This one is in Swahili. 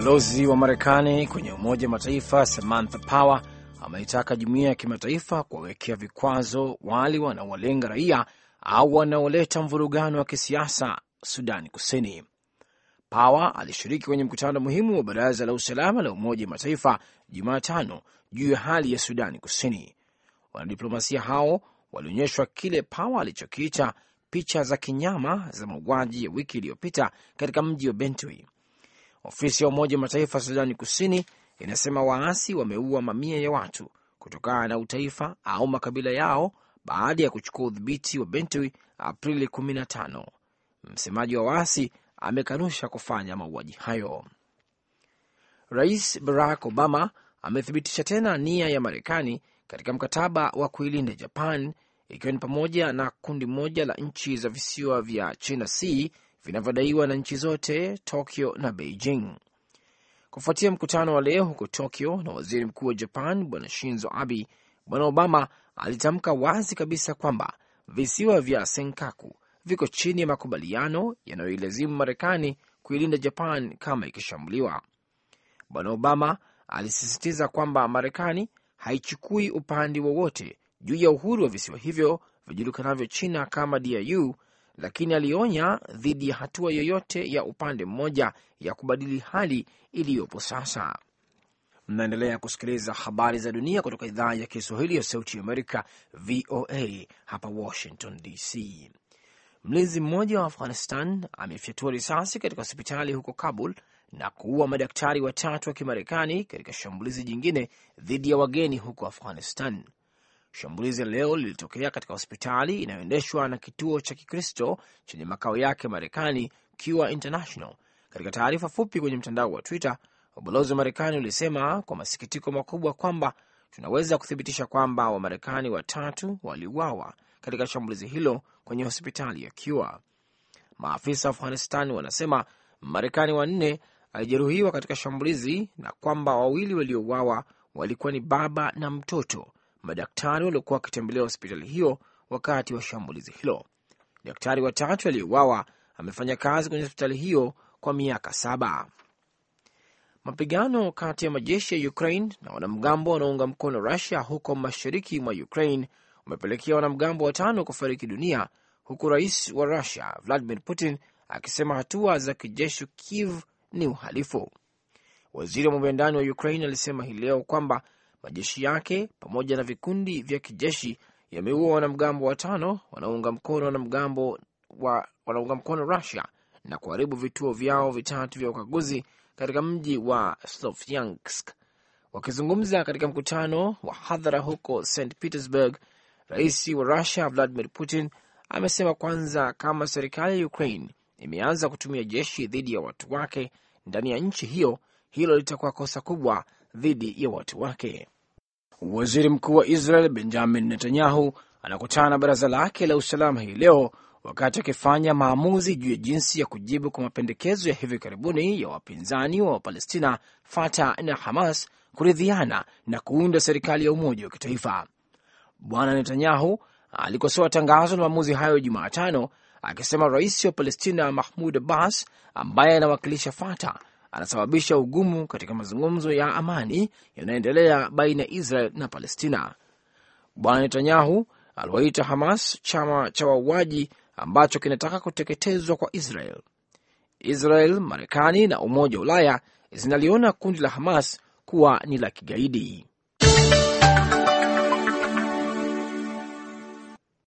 Balozi wa Marekani kwenye Umoja wa Mataifa Samantha Power ameitaka jumuiya ya kimataifa kuwawekea vikwazo wale wanaowalenga raia au wanaoleta mvurugano wa kisiasa Sudani Kusini. Power alishiriki kwenye mkutano muhimu wa Baraza la Usalama la Umoja wa Mataifa Jumatano juu ya hali ya Sudani Kusini. Wanadiplomasia hao walionyeshwa kile Power alichokiita picha za kinyama za mauaji ya wiki iliyopita katika mji wa Bentui Ofisi ya Umoja wa Mataifa Sudani Kusini inasema waasi wameua mamia ya watu kutokana na utaifa au makabila yao baada ya kuchukua udhibiti wa Bentiu Aprili 15. Msemaji wa waasi amekanusha kufanya mauaji hayo. Rais Barack Obama amethibitisha tena nia ya Marekani katika mkataba wa kuilinda Japan, ikiwa ni pamoja na kundi moja la nchi za visiwa vya China Sea vinavyodaiwa na nchi zote Tokyo na Beijing. Kufuatia mkutano wa leo huko Tokyo na waziri mkuu wa Japan Bwana Shinzo Abe, Bwana Obama alitamka wazi kabisa kwamba visiwa vya Senkaku viko chini ya makubaliano yanayoilazimu Marekani kuilinda Japan kama ikishambuliwa. Bwana Obama alisisitiza kwamba Marekani haichukui upande wowote juu ya uhuru wa visiwa hivyo vijulikanavyo China kama Diu lakini alionya dhidi ya hatua yoyote ya upande mmoja ya kubadili hali iliyopo sasa. Mnaendelea kusikiliza habari za dunia kutoka idhaa ya Kiswahili ya Sauti ya Amerika, VOA hapa Washington DC. Mlinzi mmoja wa Afghanistan amefyatua risasi katika hospitali huko Kabul na kuua madaktari watatu wa Kimarekani katika shambulizi jingine dhidi ya wageni huko Afghanistan. Shambulizi leo lilitokea katika hospitali inayoendeshwa na kituo cha Kikristo chenye makao yake Marekani, Cure International. Katika taarifa fupi kwenye mtandao wa Twitter, ubalozi wa Marekani ulisema kwa masikitiko makubwa kwamba tunaweza kuthibitisha kwamba Wamarekani watatu waliuawa katika shambulizi hilo kwenye hospitali ya Cure. Maafisa wa Afghanistan wanasema Marekani wanne alijeruhiwa katika shambulizi na kwamba wawili waliouawa walikuwa ni baba na mtoto madaktari waliokuwa wakitembelea hospitali hiyo wakati wa shambulizi hilo. Daktari watatu aliyeuawa amefanya kazi kwenye hospitali hiyo kwa miaka saba. Mapigano kati ya majeshi ya Ukraine na wanamgambo wanaounga mkono Rusia huko mashariki mwa Ukraine umepelekea wanamgambo watano kufariki dunia, huku rais wa Rusia Vladimir Putin akisema hatua za kijeshi Kiev ni uhalifu. Waziri wa mambo ya ndani wa Ukraine alisema hii leo kwamba majeshi yake pamoja na vikundi vya kijeshi yameua wanamgambo watano wanaunga mkono wanamgambo wa, wanaunga mkono Rusia na kuharibu vituo vyao vitatu vya ukaguzi katika mji wa slovyansk Wakizungumza katika mkutano wa hadhara huko St Petersburg, rais wa Rusia Vladimir Putin amesema kwanza kama serikali ya Ukraine imeanza kutumia jeshi dhidi ya watu wake ndani ya nchi hiyo, hilo litakuwa kosa kubwa dhidi ya watu wake. Waziri mkuu wa Israel Benjamin Netanyahu anakutana na baraza lake la usalama hii leo wakati akifanya maamuzi juu ya jinsi ya kujibu kwa mapendekezo ya hivi karibuni ya wapinzani wa Wapalestina Fatah na Hamas kuridhiana na kuunda serikali ya umoja wa kitaifa. Bwana Netanyahu alikosoa tangazo la maamuzi hayo Jumatano akisema rais wa Palestina Mahmud Abbas ambaye anawakilisha Fatah anasababisha ugumu katika mazungumzo ya amani yanayoendelea baina ya Israel na Palestina. Bwana Netanyahu aliwaita Hamas chama cha wauaji ambacho kinataka kuteketezwa kwa Israel. Israel, Marekani na Umoja wa Ulaya zinaliona kundi la Hamas kuwa ni la kigaidi.